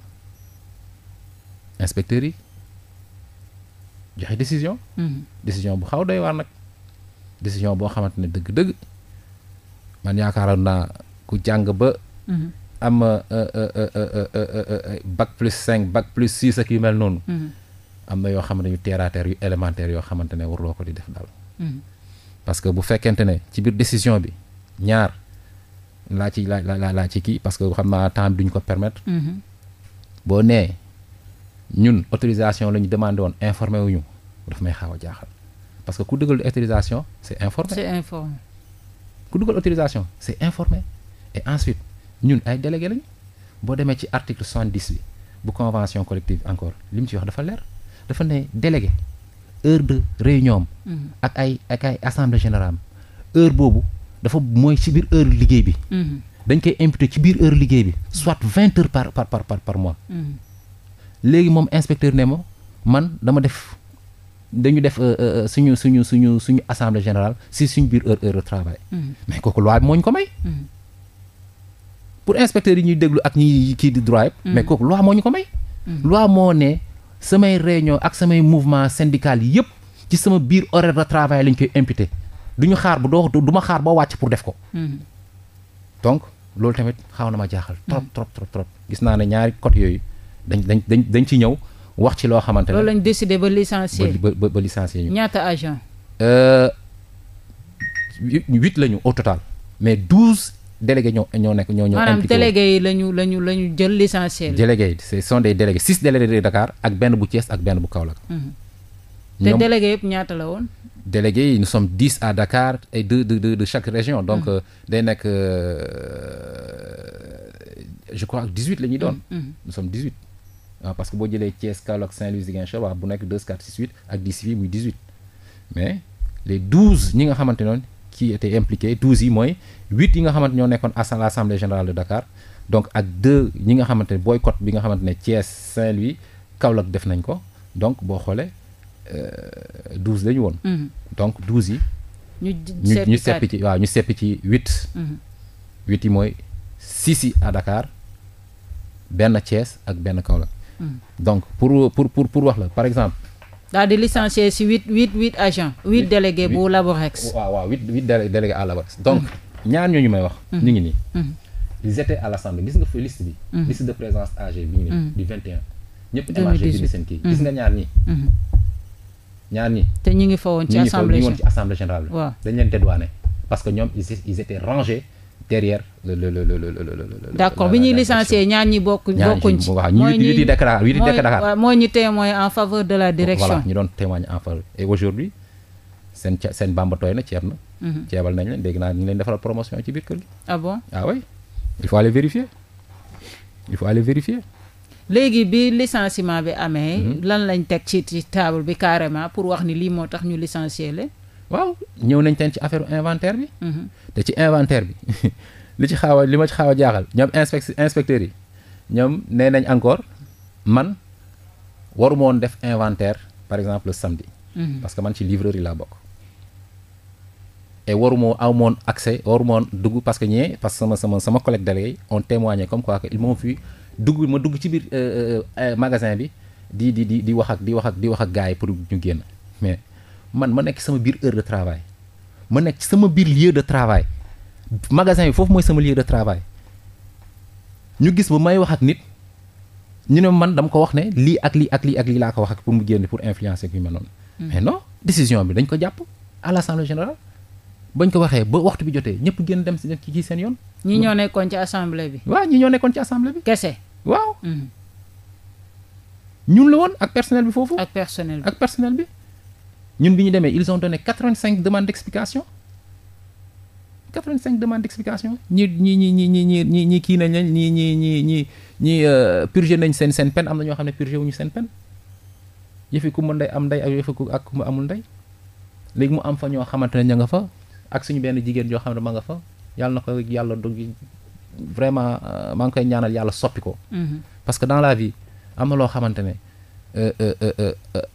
inspecteurs yi joxe décision décision bu xaw doy waar nag décision boo xamante ne dëgg-dëgg man yaakaaroon naa ku jàng ba. am bac plus cinq bac plus six ak yu mel noonu. Mhm. am na yoo xam ne yu terre yu élémentaire yoo xamante ne waruloo ko di def daal. Mhm. parce que bu fekkente ne ci biir décision bi ñaar laa ci laa laa laa ci kii parce que xam naa temps duñ ko permettre. Mhm. boo nee ñun autorisation la ñu demandé woon informé wuñu daf may xaaw a jaaxal parce que ku dëggal autorisation c'est informé. ku dugal autorisation c'est informé et ensuite ñun ay délégué lañu boo demee ci article 70 bi bu convention collective encore lim mu ci wax dafa leer dafa ne délégué heure de réunion mm-hmm. ak ay ak ay assemblée générale heure boobu dafa mooy ci biir heure liggéey bi mm-hmm. dañ koy imputer ci biir heure liggéey bi soit vingt heures par par par par par mois mm-hmm. léegi moom inspecteur ne ma man dama def dañu def euh, euh, euh, suñu suñu suñu suñu assemblée générale si suñu biir heure heure de travail. Mm. mais kooku loi moo ñu ko may. Mm. pour inspecteurs yi ñuy déglu ak ñi kii di droit. Mm. mais kooku loi moo ñu ko may. loi moo ne samay réunion ak samay mouvement syndical yëpp ci sama biir horaire de travail lañ koy imputé du ñu xaar bu doo du ma xaar boo wàcc pour def ko. donc loolu tamit xaw na ma jaaxal. trop trop trop trop gis naa ne ñaari côté yooyu dañ dañ dañ dañ ci ñëw. wax ci loo xamante ne loolu lañ décidé ba licencié ba ba licencié ñu. ñaata agent euh, huit lañu au total mais douze délégués ñoo ñoo nekk ñoo ñoo. impliqué maanaam délégués yi lañu lañu lañu jël licencié. délégués yi ce sont des délégués six délégués de Dakar ak benn bu Thiès ak benn bu Kaolack. Mhm. te délégués yëpp ñaata la woon. délégués yi nous sommes dix à Dakar et deux de de de chaque région. donc mhm. euh, day nekk euh, je crois dix huit la ñuy doon. Mhm. nous sommes dix huit. Ah, parce que boo jëlee Thiès Kaolack Saint-Louis Ziguinchor waa bu nekk 2 4 6 8 ak 10 mais les 12 ñi nga xamante noonu qui étaient impliqués yi mooy 8 yi nga xamante ñoo nekkoon à l'assemblée générale de Dakar donc ak 2 ñi nga xamante ne boycott bi nga xamante ne Thiès Saint-Louis Kaolack def nañ ko donc boo xoolee 12 euh, la woon. Mm-hmm. donc 12 yi. ñu ñu seppi ci waaw ñu seppi ci 8. 8 mm-hmm. yi mooy 6 à Dakar benn Thiès ak benn Kaolack. donc pour pour pour pour wax la par exemple. daal di licencier si huit huit huit agents. huit délégués bu Laborex. waaw huit huit à Laborex. donc ñaar ñooñu may wax. Mm-hmm. ñu ngi nii. Mm-hmm. ils étaient à l'Assemblée gis nga fa liste bi. Mm-hmm. liste de présence AG bi ñu ne. du 21. ñëpp MAG bi seen kii gis nga ñaar ñii. ñaar ñii. te ñu ngi fa woon ci assemblée ñu ngi fa woon ci assemblée parce que ñoom ils ils étaient derrière le le le le le. d' accord bi ñuy licencié ñaar ñi bokk. bokkuñ ci ñaar ñi waaw ñu di Dakar ñu di Dakar. mooy ñu témoin en faveur de la direction. voilà ñu doon témoin en faveur et aujourd'hui seen ca seen bamba tooy na ceeb na. ceebal nañ leen dégg naa ñu leen defaral promotion ci biir kër gi. ah bon ah oui il faut aller vérifier il faut aller vérifier. léegi bi licenciement bi amee. lan lañ teg ci ci table bi carrément pour wax ni lii moo tax ñu licencier leen. waaw ñëw nañ teen ci affaire inventaire bi. Mhm. te ci inventaire bi li ci xaaw a li ma ci xaaw a jaaxal ñoom inspect inspecteurs yi ñoom nee nañ encore man waruma woon def inventaire par exemple le samedi. Mhm. parce que man ci livreur yi laa bokk. et waruma amoon accès waruma woon dugg parce que ñee parce que sama sama sama collègue délégué on témoigné comme quoi que ils m'ont vu dugg ma dugg ci biir euh, euh, euh, magasin bi di di di di wax ak di wax ak di wax ak gars yi pour ñu génn mais. man ma nekk sama biir heure de travail ma nekk sama biir lieu de travail magasin bi foofu mooy sama lieu de travail ñu gis ba may wax ak nit ñu ne man dama ko wax ne lii ak lii ak lii ak laa ko wax ak pour mu génn pour influencer ku ma noonu. Hmm. mais non décision bi dañ ko jàpp à l'assemblée générale bañ ko waxee ba waxtu bi jotee ñëpp génn dem si ci seen yoon. ñi ñoo nekkoon ci assemblée bi. waaw ñi ñoo nekkoon ci assemblée bi. kese waaw. Hmm. ñun la woon ak personnel bi foofu. ak personnel bi bi. ñun bi ñu demee ils ont donné quatre vingt cinq demandes d' quatre vingt cinq demande d' explication ñi ñi ñi ñi ñi ñi ñi ñi kii nañ lañ ñi ñi ñi ñi ñi euh, purgé nañ seen seen peine am na ñoo xam ne purgé wuñu seen peine yëfi ku mu ndey am ndey ak yëfi ku ak mu amul ndey léegi mu am fa ñoo xamante ne ña nga fa ak suñu benn jigéen joo xam ne ma nga fa yàlla na ko yàlla dog vraiment euh, maa ngi koy ñaanal yàlla soppi ko mm-hmm. parce que dans la vie am na loo xamante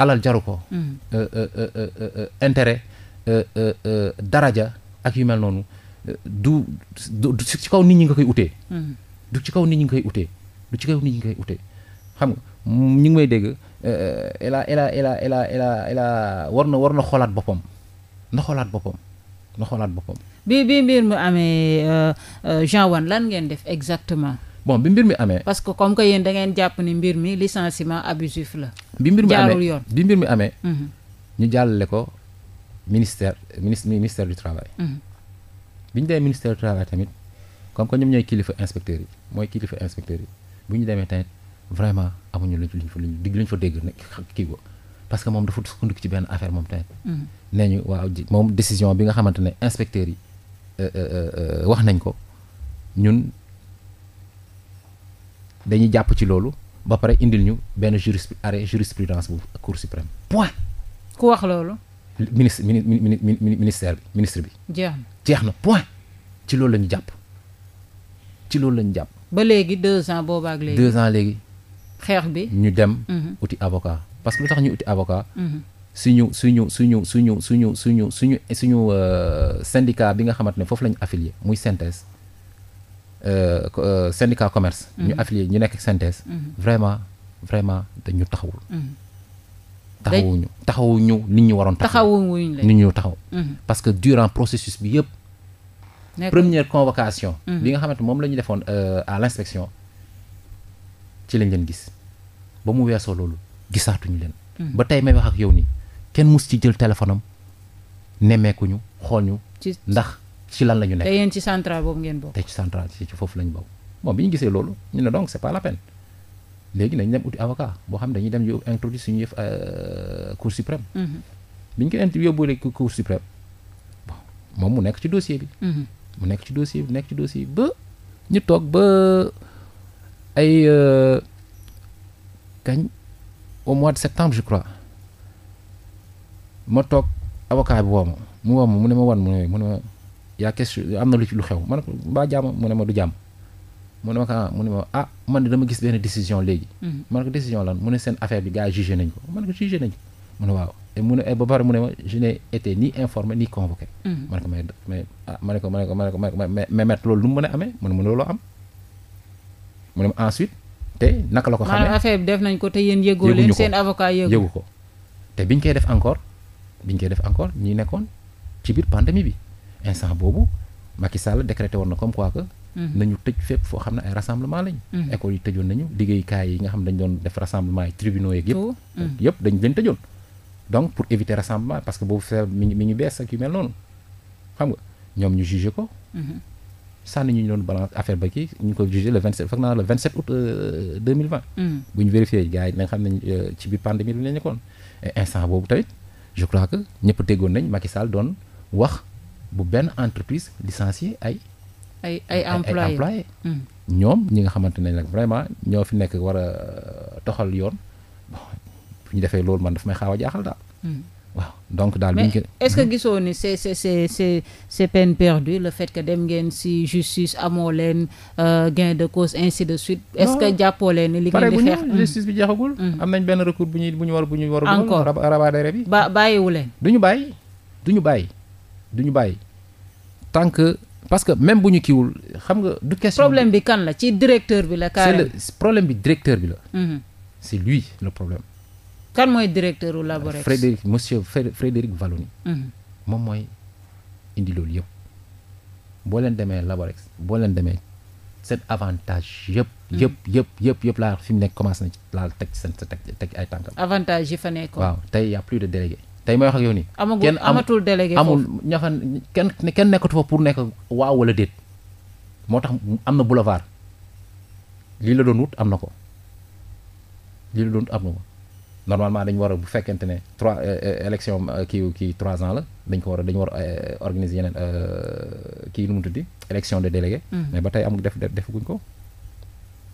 alal jaru ko. intérêt daraja ak yu mel noonu du du kaw nit ñi nga koy du ci kaw nit ñi nga koy utee du ci kaw nit ñi nga koy utee xam nga ñu ngi may dégg ela ela ela ela ela ela war na war na xoolaat boppam na xoolaat boppam na xoolaat boppam. bi bi mbir mu amee Jean Wane lan ngeen def exactement. bon bi mbir mi amee. parce que comme que yéen da ngeen jàpp ni mbir mi licenciement abusif la. bi mbir mi amee. Mhm. ñu jàllale ko ministère ministre ministère du travail. Mhm. bi ñu demee ministère du travail tamit comme que ñoom ñooy kilifa inspecteurs yi mooy kilifa inspecteurs yi bu ñu demee tamit vraiment amuñu luñ fa luñ luñ fa dégg nag kii ko parce que moom dafa sukkandiku ci benn affaire moom tamit. Mhm. nee ñu waaw moom décision bi nga xamante ne inspecteurs yi euh, euh, euh, wax nañ ko ñun. dañuy jàpp ci loolu ba pare indil ñu benn juris arrêt jurisprudence bu cour suprême point. ku wax loolu. ministre mini mini ministère bi ministre bi. jeex na jeex na point ci loolu lañu jàpp ci loolu la jàpp. ba léegi deux ans boobaa ak léegi. deux ans léegi. xeex bi ñu dem. Mhm. uti avocat parce que lu tax ñu uti avocat. Mhm. suñu suñu suñu suñu suñu suñu suñu suñu euh, syndicat bi nga xamante ne foofu la ñu affilié muy synthèse. Euh, euh, syndicat commerce. Mm-hmm. ñu affilié ñu nekk synthèse. Mm-hmm. vraiment vraiment dañu taxawul. Mm-hmm. taxawuñu taxawuñu nit ñi waroon taxawuñu nit ñu taxaw parce que durant processus bi yëpp première convocation li nga xamante moom la ñu defoon euh, à l'inspection ci lañ leen gis ba mu weesoo loolu gisaatuñu leen ba tey may wax ak yow nii kenn mus ci jël téléphone nemmeekuñu xool ñu ndax ci lan la ñu nekk. te yéen ci central boobu ngeen bokk. te ci central ci foofu la ñu bokk bon bi ñu gisee loolu ñu ne donc c' est la peine léegi nañ dem uti avocat boo xam dañuy dem ñu introduire suñu yëf euh, cour suprême. Mhm. bi ñu koy int yóbbu mu nekk ci dossier bi. Mhm. mu nekk ci dossier bi nekk ci dossier bi ñu toog ba ay euh, kañ au mois de septembre je crois ma toog avocat bi woo ma mu woo mu ne ma wan mu ne ma. yaa question am na lu ci lu xew ma ne ko mbaa jàmm mu ne ma du jàmm mu ne ma ka ah man de dama gis benn décision léegi mhm. man ne ko décision lan mu ne seen affaire bi gars yi jugé nañ ko ma ne ko jugé nañ ko mu ne waaw mu ne ba pare mu mhm. ma ne ko mais ne ko man ne ko ma ne ko ma ne loolu lu mu mën a amee mu ne ma loolu am ensuite te naka la ko ne affaire bi def nañ ko te yéen yëgoo leen seen avocat yëgu ko te biñ koy def encore biñ koy def encore ñi nekkoon ci biir pandémie bi instant boobu Macky Sall décrété woon na comme quoi que. Mhm. nañu tëj fépp foo xam ne ay rassemblement lañ. Mhm. école yi tëjoon nañu liggéeykaay yi nga xam dañ doon def rassemblement yi tribunaux yeeg yëpp. Oh, mhm. yëpp dañ pour éviter rassemblement parce que boobu feebar mi ngi mi ngi bees ak yu mel noonu xam nga ñoom ñu jugé ko. sànni ñu doon balance affaire ba kii ñu ko jugé le 27 foog naa le 27 août 2020. Euh, bu ñu vérifié gars yi nañ xam ne euh, ci biir pandémie bi la ñu nekkoon. instant boobu tamit je crois que ñëpp déggoon nañ Macky Sall doon wax. bu benn entreprise licencier ay. ay ay employés hmm. ñoom ñi nga xamante ne nag vraiment ñoo fi nekk war a euh, toxal yoon bon ñu defee loolu man daf may xaaw a jaaxal daal. Hmm. waaw donc daal bi est-ce que hmm. gisoo ni c'est c'est c'est c'est c'est le fait que dem ngeen ci justice amoo leen euh, gain de cause ainsi de suite. est-ce que jàppoo leen ni li ngeen di xeex bi jeexagul. am nañ benn recours bu ñuy bu ñu war bu ñu war. encore rabaadere bi. ba bàyyiwu leen. du bàyyi du ñu bàyyi. du ñu bàyyi tant que parce que même bu ñu kiiwul xam nga du question. problème bi kan la ci directeur bi la. carrément c'est bi directeur bi la. Mhm. c'est lui le problème. kan mooy directeur u Laborex. Frédéric monsieur Frédéric Valloni. Mhm. moom mooy indi loolu yëpp. boo leen demee Laborex boo leen demee seen avantage yëpp. Mhm. yëpp yëpp yëpp yëpp laa fi mu nekk commencé na ci laal teg seen teg teg ay tànkam. avantage yi fa nekkoon waaw tey y' a plus de délégués. tey may wax ak yow nii. kenn amatul délégué amul ña fa kenn kenn nekkatu fa pour nekk waaw wala déet moo tax am na boulevard lii la doon wut am na ko lii la doon wut am na ko normalement dañu war a bu fekkente ne trois euh, euh, élection euh, kii kii trois ans la dañ ko war a dañu war a organiser yeneen kii nu mu tuddi élection de délégué hmm. mais ba tey am def defaguñ ko.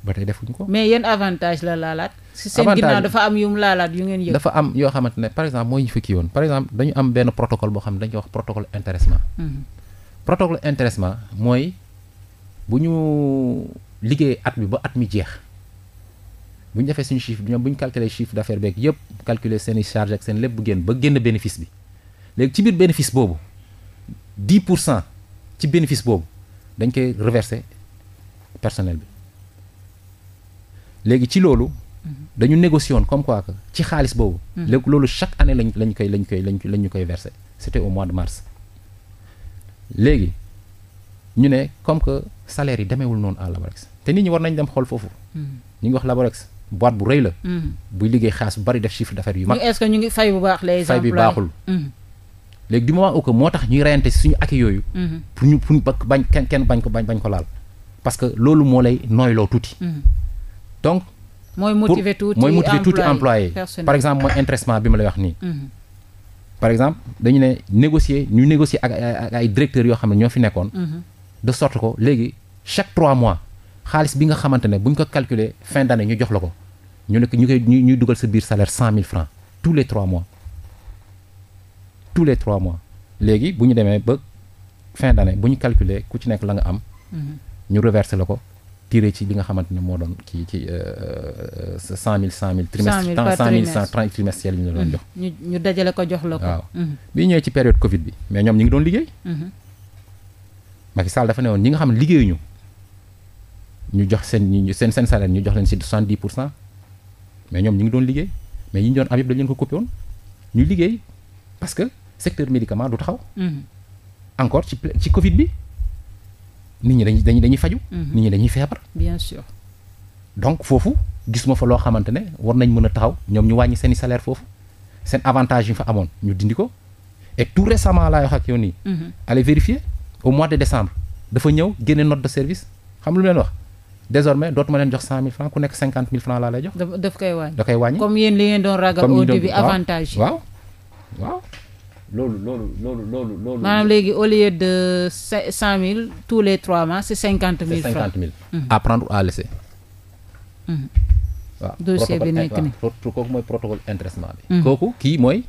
ba tey defuñ ko. mais yéen avantage la laalaat. si seen ginnaaw dafa am yu mu laalaat yu ngeen yëg. dafa am yoo xamante ne par exemple moo ñu fa kii par exemple dañu am benn protocole boo xam ne dañu koy wax protocole intéressement. Mhm. protocole intéressement mooy bu ñu liggéey at bi ba at mi jeex. bu ñu defee suñu chiffre ñoom bu ñu calculer chiffre d'affaires beeg yëpp calculer seen i charge ak seen lépp bu génn ba génn bénéfice bi léegi ci biir bénéfice boobu 10 pour cent ci bénéfice boobu dañ koy reverser personnel bi. léegi ci loolu mhm. dañu négocier woon comme quoi ci xaalis boobu mhm. léegi loolu chaque année lañ lañ koy lañ koy lañ lañ ñu koy versé c'était au mois de mars léegi ñu ne comme que salaire yi demeewul noonu à Laborex te nit ñi war nañ dem xool foofu mhm. ñu ngi wax Laborex boîte bu rëy la buy liggéey xaalis bu bari def chiffre d'affaires yu mag est-ce ñu ngi fay bu baax les employés fay bi baaxul léegi du moment où que moo tax ñuy reyante suñu ak yooyu pour ñu pour bañ kenn kenn bañ ko bañ bañ ko laal parce que loolu moo lay nooyloo tuuti donc. mooy motiver tuuti mooy motiver tuuti employé par exemple mooy intéressement bi ma lay wax nii. Mhm. par exemple dañu ne négocier ñu négocier ak ak ay directeurs yoo xam ne ñoo fi nekkoon. Mhm. de sorte que léegi chaque trois mois xaalis bi nga xamante ne bu ñu ko calculer fin d'année ñu jox la ko ñu nekk ñu koy ñu ñuy dugal sa biir salaire cent mille francs tous les trois mois tous les trois mois léegi bu ñu demee ba fin d'année bu ñu calculer ku ci nekk la nga am. Mhm. ñu reverser la ko. tiré ci li nga xamante ne moo doon kii ci euh, euh, cent mille cent mille trimestre cent mille cent trente trimestriel yi ñu doon hmm. jox ñu dajale ko jox la ko waaw hmm. bi ñëwee ci période covid bi mais ñoom ñi ngi doon liggéey hmm. Macky Sall dafa ne woon ñi nga xam ne liggéeyuñu ñu jox seen seen seen salaire ñu jox leen si soixante dix pour cent mais ñoom ñi ngi doon liggéey mais yi ñu doon am yëpp dañ leen ko coupé woon ñu liggéey parce que secteur médicament du taxaw encore ci ci covid bi nit ñi dañuy dañuy dañuy faju mhm. nit ñi dañuy feebar. bien sûr donc foofu gis ma fa loo xamante ne war nañ mën a taxaw ñoom ñu wàññi seen i salaire foofu seen avantage yi fa amoon ñu dindi ko et tout récemment laay wax ak yow nii. Mhm. allez vérifier au mois de décembre dafa ñëw génne note de xam lu mu leen wax. désormais dootuma leen jox cent mille francs ku nekk cinquante mille francs laa lay jox. daf comme yéen li ngeen doon ragal au début avantage. waaw waaw. loolu loolu loolu loolu loolu. maanaam léegi au lieu de cent mille tous les trois mois c'est cinquante mille. c'est cinquante mille mhm. à prendre ou à laisser. Mhm. waaw dossier bi nekk nii kooku mooy protocole intéressement bi. Mhm. kooku kii mooy.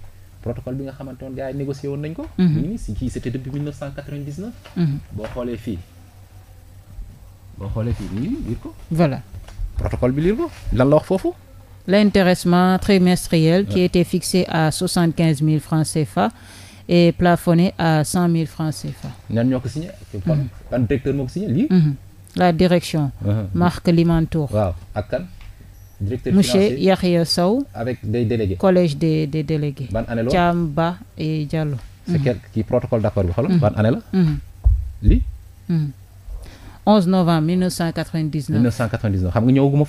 protocole bi nga xamante woon gars yi négocié woon nañ ko. ñu ngi si boo xoolee fii boo xoolee fii nii lire ko. voilà protocole bi lire ko lan la wax foofu. L'intéressement trimestriel qui était fixé à 75 000 francs CFA et plafonné à 100 000 francs CFA. ñan ñoo ko signé. kan mhm. directeur moo ko signé lii. Mhm. la direction. Mhm. Marc Limantour. waaw ak kan. des collège des des délégués. ban année la e Ba et Diallo. c'est quel kii protocole d'accord bi xoolal. ban année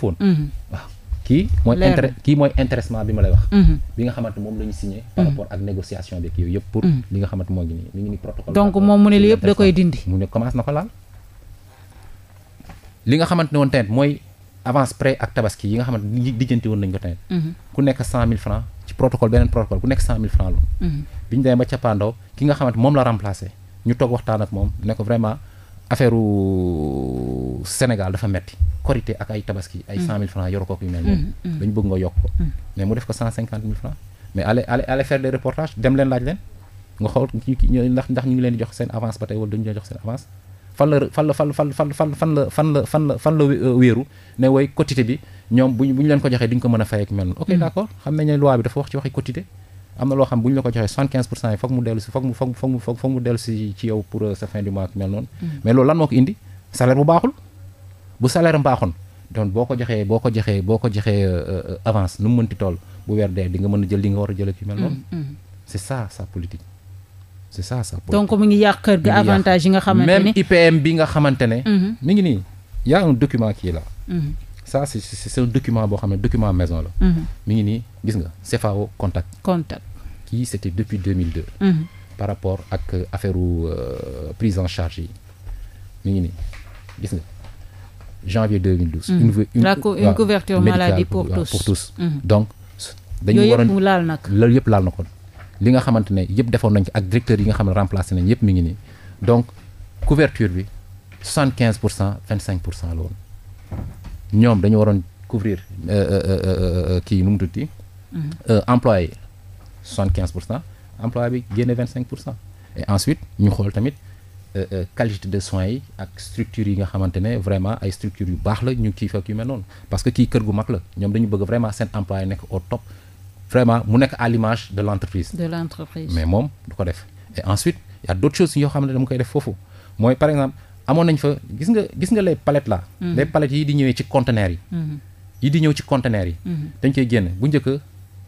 foon. kii mooy intérêt kii mooy intéressement bi ma lay wax mhm. bi nga xamante moom la ñu signé par mhm. rapport ak négociation beeg yooyu yëpp pour mhm. li nga xamante moo ngi nii mi ngi ni protocole donc moom mu ne li yëpp da koy dindi mu la remplacé ñu toog waxtaan ak moom ne vraiment affaire Sénégal dafa metti korité ak ay tabaski ay mm. cent mille francs yoru kook yu mel noonu mm, mm. dañu bëgg nga yokk ko mais mu def ko cent cinquante mille francs mais allez allez allez faire des reportages dem leen laaj leen nga xool ndax ndax ñu ngi leen di jox seen avance ba tey wala dañu jox seen avance fan la fan la fan fan fan fan fan la fan la fan la fan la euh, wéeru ne way quotité bi ñoom buñ bu ñu leen ko joxee duñ ko mën a fay ak mel noonu ok d'accord xam nañ ne loi bi dafa wax am na loo xam bu ñu la ko joxee soixante quinze pour cent yi foog mu dellu si foog mu foog foog mu foog mu dellu si ci yow pour euh, sa fin du mois mel noonu. Mm. mais loolu lan moo ko indi salaire bu baaxul bu salaire am baaxoon donc boo ko joxee boo ko joxee boo ko joxee euh, euh, avance nu mu mënti toll bu weer dee di nga mën a jël li nga war a jël ak yu mel noonu. Mm, mm. c' est ça sa politique. c' est ça sa politique donc mu ngi yàq kër ga avantage yi nga xamante ne même IPM bi nga xamante ne. Mm-hmm. mi ngi nii y' a un document kii la. Mm-hmm. ça c' est c' est un document boo xam ne document maison la. Mm-hmm. mi ngi nii gis nga CFAO contact. contact. kii c'était depuis 2002. Mm -hmm. par rapport ak euh, affaire euh, prise en charge yi mi ngi nii gis nga janvier 2012. Mm -hmm. une, couverture maladie pour, tous mhm. donc dañu waroon yooyu yëpp laal na ko yëpp laal na ko li nga xamante ne yëpp defoon nañ ko ak directeur yi nga xam ne remplacé nañ yëpp mi ngi nii donc couverture bi 75 pour cent 25 pour cent la ñoom dañu waroon couvrir euh, euh, kii nu mu tudd mhm. employé soixante quinze pour cent bi génne ensuite ñu xool tamit euh, euh, qualité de soins yi ak structures yi nga xamante ne vraiment ay structures yu baax la ñu kii fekk yu mel noonu parce que kii kër gu mag la ñoom dañu bëgg vraiment seen emploi yi nekk au top vraiment mu nekk à de l'entreprise mais moom du ko def ensuite y a d'autres yoo xam ne dama koy def foofu mooy par exemple amoon nañ fa gis nga gis nga les palettes là mm-hmm. les palettes yi di ñëwee ci conteneurs yi mm-hmm. yi di ñëw ci conteneurs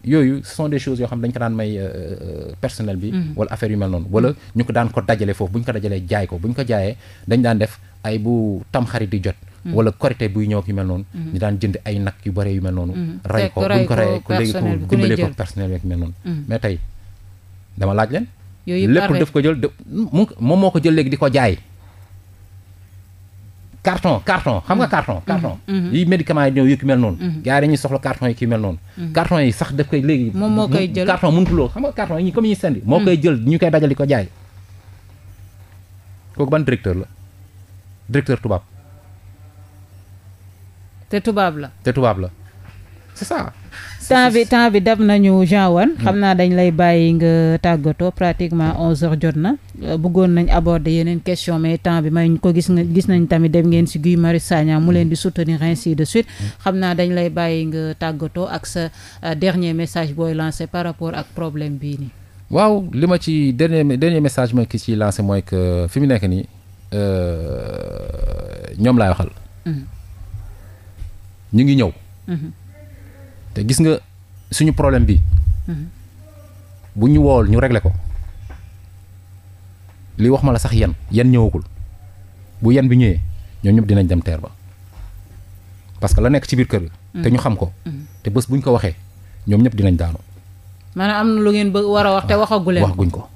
yooyu ce sont des choses yoo xam dañ ko daan may euh, euh, personnel bi. Mm-hmm. wala affaire yu mel noonu. wala ñu ko daan ko dajale foofu bu ñu ko dajalee jaay ko bu ñu ko jaayee dañ daan def ay bu tamxarit di jot. Mm-hmm. wala korité buy ñëw ak yu mel noonu. Mm-hmm. ñu daan jënd ay nag yu bare yu mel noonu. ray ko buñ ko rayee ko léegi ko dimbale ko personnel bi ak yu mel noonu. mais tey dama laaj leen. yooyu lépp def ko jël de moom moo ko jël léegi di ko jaay. carton carton xam nga mm. carton mm-hmm. carton mm-hmm. yi médicament yi ñëw yu ki mel noonu mm-hmm. gars yi dañuy soxla carton yi ko mel noonu carton yi sax daf koy léegi moom moo koy jël carton mënutuloo xam nga carton yi comme yi sendi mm. ñu koy dajal ko jaay kooku ban directeur la directeur tubaab te tubaab la te tubaab la c'est ça temps bi temps bi dab nañu Jean Wane hmm. xam naa dañ lay bàyyi nga tàggatoo pratiquement onze heures jot na euh, bëggoon nañ aborder yeneen question mais temps bi may ñu ko gis nga gis nañ tamit dem ngeen si Guy Marius mu leen di soutenir ainsi de suite hmm. xam naa dañ lay bàyyi nga tàggatoo ak sa euh, dernier message booy lancé par rapport ak problème bii nii waaw li ma ci dernier dernier message ma ki ci lancé mooy que fi mu nekk nii euh, ñoom laay waxal hmm. ñu ngi ñëw te gis nga suñu problème bi bu ñu wool ñu régler ko li wax ma la sax yan yan ñëwagul bu yen bi ñëwee ñoom ñëpp dinañ dem teer ba parce que la nekk ci biir kër bi te ñu xam ko te bés buñ ko waxee ñoom ñëpp dinañ daanu maanaam am na lu ngeen bëgg war a wax te waxaguleen wax guñ ko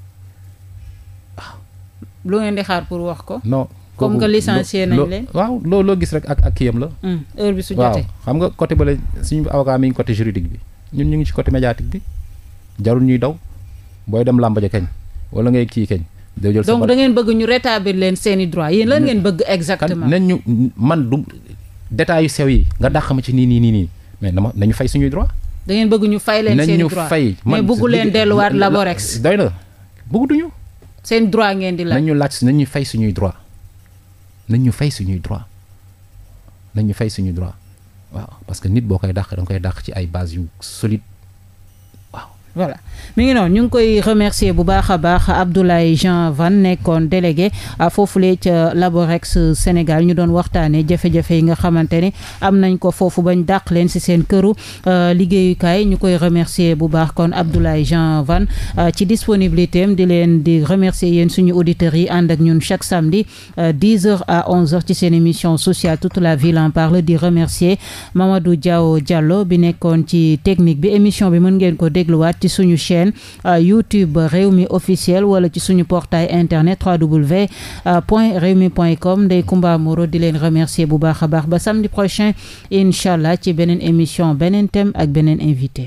lu ngeen di xaar pour wax ko non comme que licencié nañ leen waaw loo loo gis rek ak ak kiyam la. Mm, heure bi su jotee waaw xam nga côté bële suñu avocat mi ngi côté juridique bi ñun ñu ngi ci coté médiatique bi jarul ñuy daw booy dem làmb ja kañ wala ngay kii kañ. day jël donc dangeen bëgg ñu rétablir leen seeni i droit yéen lan ngeen bëgg exactement. ñu man du détails yu sew yi nga dàq ma ci nii nii nii nii mais na ma nañu fay suñuy droit. da ngeen bëgg ñu fay leen seen i droit nañ ñu fay man leen delluwaat laborex doy na bëggutuñu. seen droit ngeen di laaj ñu laaj nañ ñu fay suñuy droit nañ ñu fay suñuy droit nañ ñu fay suñuy droit waaw parce que nit boo koy dàq da nga koy dàq ci ay base yu solide voilà mi ngi noonu ñu ngi koy remercier bu baax a baax Abdoulaye Jean Van nekkoon délégué foofulee ca Laborex Sénégal ñu doon waxtaanee jafe-jafe yi nga xamante ne am nañ ko foofu bañ dàq leen ci seen këru euh, liggéeyukaay ñu koy remercier bu baax kon Abdoulaye Jean Van euh, ci disponibilité di leen di remercier yéen suñu auditeurs yi ànd ak ñun chaque samedi 10 euh, heures à 11 heures ci seen émission sociale toute la ville en parle di remercier Mamadou Diaw Diallo bi nekkoon ci technique bi émission bi mën ngeen ko dégluwaat. ci suñu chaîne euh, YouTube mi officiel wala ci suñu portail internet www euh, point rewmi point com Ndeye Comba Moreau di leen remercier bu baax a baax ba samedi prochain incha allah ci beneen émission beneen thème ak beneen invité.